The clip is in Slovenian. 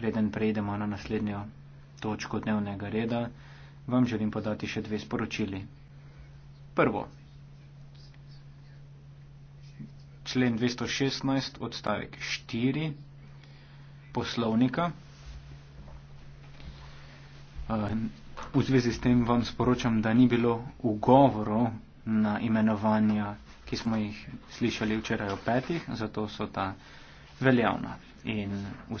preden prejdemo na naslednjo točko dnevnega reda, vam želim podati še dve sporočili. Prvo. Člen 216 odstavek 4 poslovnika. Eh, v zvezi s tem vam sporočam, da ni bilo ugovoru na imenovanja, ki smo jih slišali včeraj o petih, zato so ta veljavna in v